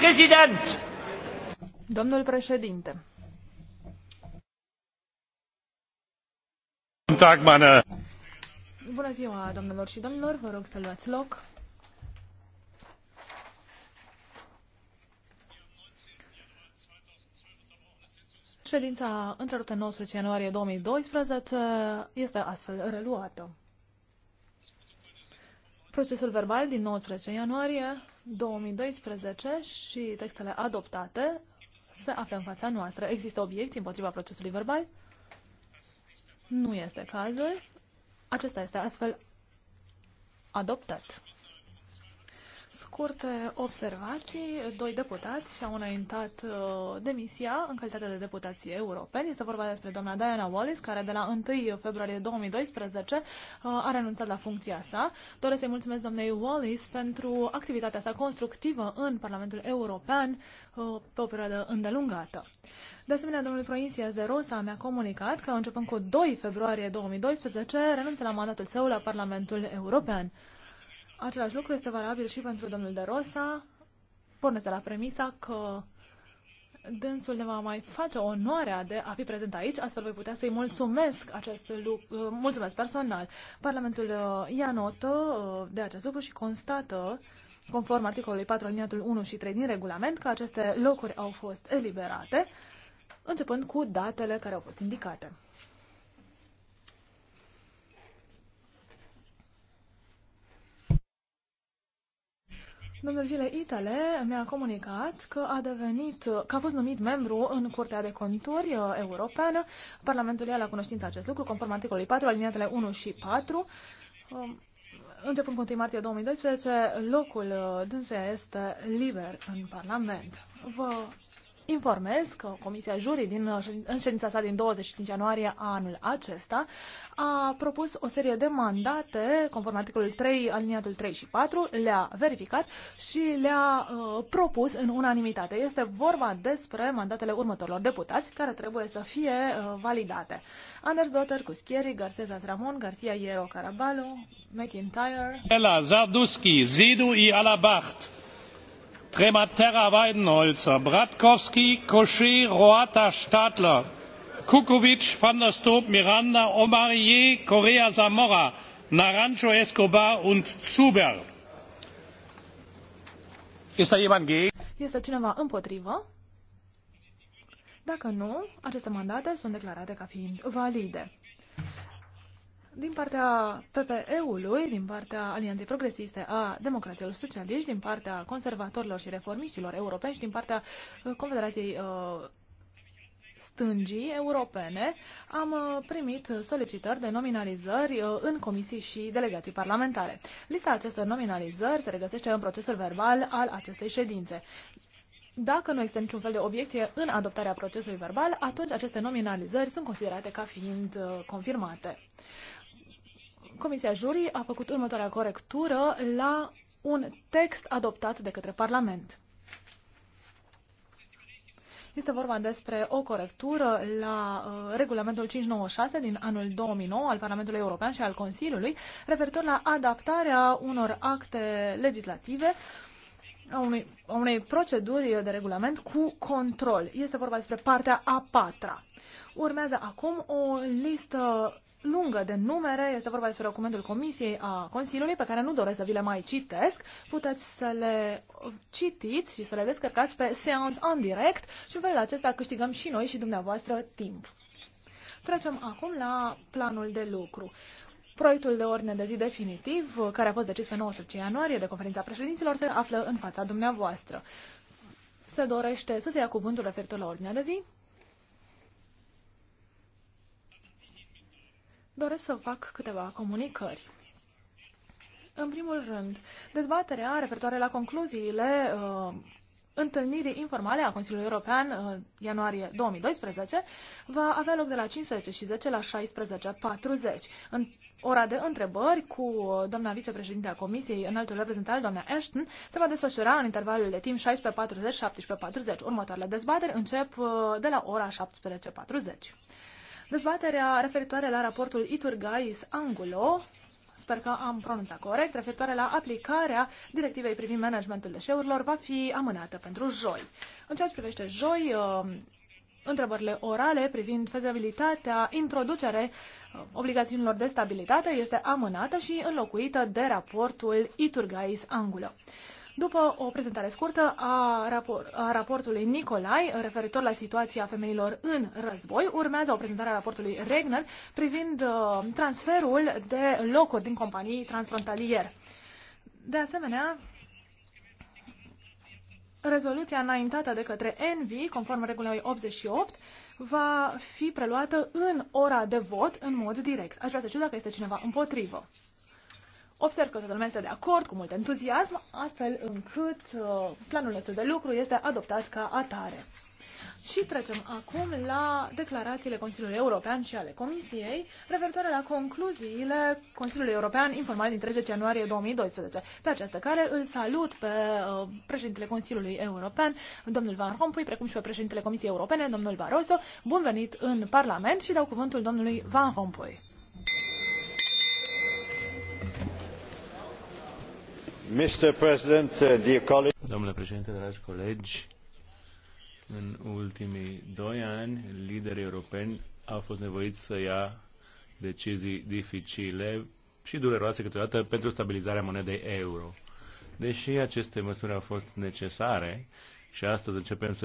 Präsident! Domnul președinte. Bună ziua, domnilor și domnilor, vă rog să luați loc. Ședința întreruptă 19 ianuarie 2012 este astfel reluată. Procesul verbal din 19 ianuarie 2012 și textele adoptate se află în fața noastră. Există obiecții împotriva procesului verbal? Nu este cazul. Acesta este astfel adoptat scurte observații. Doi deputați și-au înaintat uh, demisia în calitate de deputați europeni. Este vorba despre doamna Diana Wallis, care de la 1 februarie 2012 uh, a renunțat la funcția sa. Doresc să-i mulțumesc doamnei Wallis pentru activitatea sa constructivă în Parlamentul European uh, pe o perioadă îndelungată. De asemenea, domnul Proinsias de Rosa mi-a comunicat că începând cu 2 februarie 2012 renunță la mandatul său la Parlamentul European. Același lucru este valabil și pentru domnul De Rosa. Pornesc de la premisa că dânsul ne va mai face onoarea de a fi prezent aici, astfel voi putea să-i mulțumesc acest lucru, uh, mulțumesc personal. Parlamentul uh, ia notă uh, de acest lucru și constată, conform articolului 4 aliniatul 1 și 3 din regulament, că aceste locuri au fost eliberate, începând cu datele care au fost indicate. Domnul Vile Itale mi-a comunicat că a devenit, că a fost numit membru în Curtea de Conturi uh, Europeană. Parlamentul ia la cunoștință acest lucru, conform articolului 4, alineatele 1 și 4. Um, începând cu 1 martie 2012, locul uh, dânsuia este liber în Parlament. Vă informez că Comisia Jurii din, uh, în ședința sa din 25 ianuarie a anul acesta a propus o serie de mandate conform articolul 3, aliniatul 3 și 4, le-a verificat și le-a uh, propus în unanimitate. Este vorba despre mandatele următorilor deputați care trebuie să fie uh, validate. Anders Dotter, Cuschieri, Garcesas Ramon, Garcia Iero Caraballo, McIntyre, Ela Zaduski, Zidu i Alabacht, trematerra weidenholzer bratkowski kouchet roata stadler kukovi van der stoep miranda omarjee correia zamora naranjo escobar und zuber. este cineva împotrivă? Dacă nu, aceste mandate sunt declarate ca fiind valide din partea PPE-ului, din partea Alianței Progresiste a Democraților Socialiști, din partea conservatorilor și reformiștilor europeni și din partea uh, Confederației uh, stângii europene, am uh, primit solicitări de nominalizări uh, în comisii și delegații parlamentare. Lista acestor nominalizări se regăsește în procesul verbal al acestei ședințe. Dacă nu există niciun fel de obiecție în adoptarea procesului verbal, atunci aceste nominalizări sunt considerate ca fiind confirmate. Comisia Jurii a făcut următoarea corectură la un text adoptat de către Parlament. Este vorba despre o corectură la uh, regulamentul 596 din anul 2009 al Parlamentului European și al Consiliului, referitor la adaptarea unor acte legislative a unei, a unei proceduri de regulament cu control. Este vorba despre partea a patra. Urmează acum o listă lungă de numere, este vorba despre documentul Comisiei a Consiliului, pe care nu doresc să vi le mai citesc. Puteți să le citiți și să le descărcați pe Seance on Direct și în felul acesta câștigăm și noi și dumneavoastră timp. Trecem acum la planul de lucru. Proiectul de ordine de zi definitiv, care a fost decis pe 19 ianuarie de conferința președinților, se află în fața dumneavoastră. Se dorește să se ia cuvântul referitor la ordinea de zi? doresc să fac câteva comunicări. În primul rând, dezbaterea referitoare la concluziile uh, întâlnirii informale a Consiliului European uh, ianuarie 2012 va avea loc de la 15.10 la 16.40. În ora de întrebări cu uh, doamna vicepreședinte a Comisiei, înaltul reprezentant, doamna Ashton, se va desfășura în intervalul de timp 16.40-17.40. Următoarele dezbateri încep uh, de la ora 17.40. Dezbaterea referitoare la raportul Iturgais Angulo sper că am pronunțat corect, referitoare la aplicarea directivei privind managementul deșeurilor, va fi amânată pentru joi. În ceea ce privește joi, uh, întrebările orale privind fezabilitatea, introducere uh, obligațiunilor de stabilitate este amânată și înlocuită de raportul Iturgais Angulo după o prezentare scurtă a, rapor- a raportului Nicolai referitor la situația femeilor în război. Urmează o prezentare a raportului Regner privind uh, transferul de locuri din companii transfrontalier. De asemenea, Rezoluția înaintată de către Envi, conform regulii 88, va fi preluată în ora de vot în mod direct. Aș vrea să știu dacă este cineva împotrivă. Observ că toată lumea este de acord, cu mult entuziasm, astfel încât uh, planul nostru de lucru este adoptat ca atare. Și trecem acum la declarațiile Consiliului European și ale Comisiei referitoare la concluziile Consiliului European informal din 30 ianuarie 2012. Pe această care îl salut pe uh, președintele Consiliului European, domnul Van Rompuy, precum și pe președintele Comisiei Europene, domnul Barroso. Bun venit în Parlament și dau cuvântul domnului Van Rompuy. Uh, Domnule președinte, dragi colegi, în ultimii doi ani, liderii europeni au fost nevoiți să ia decizii dificile și dureroase câteodată pentru stabilizarea monedei euro. Deși aceste măsuri au fost necesare și astăzi începem să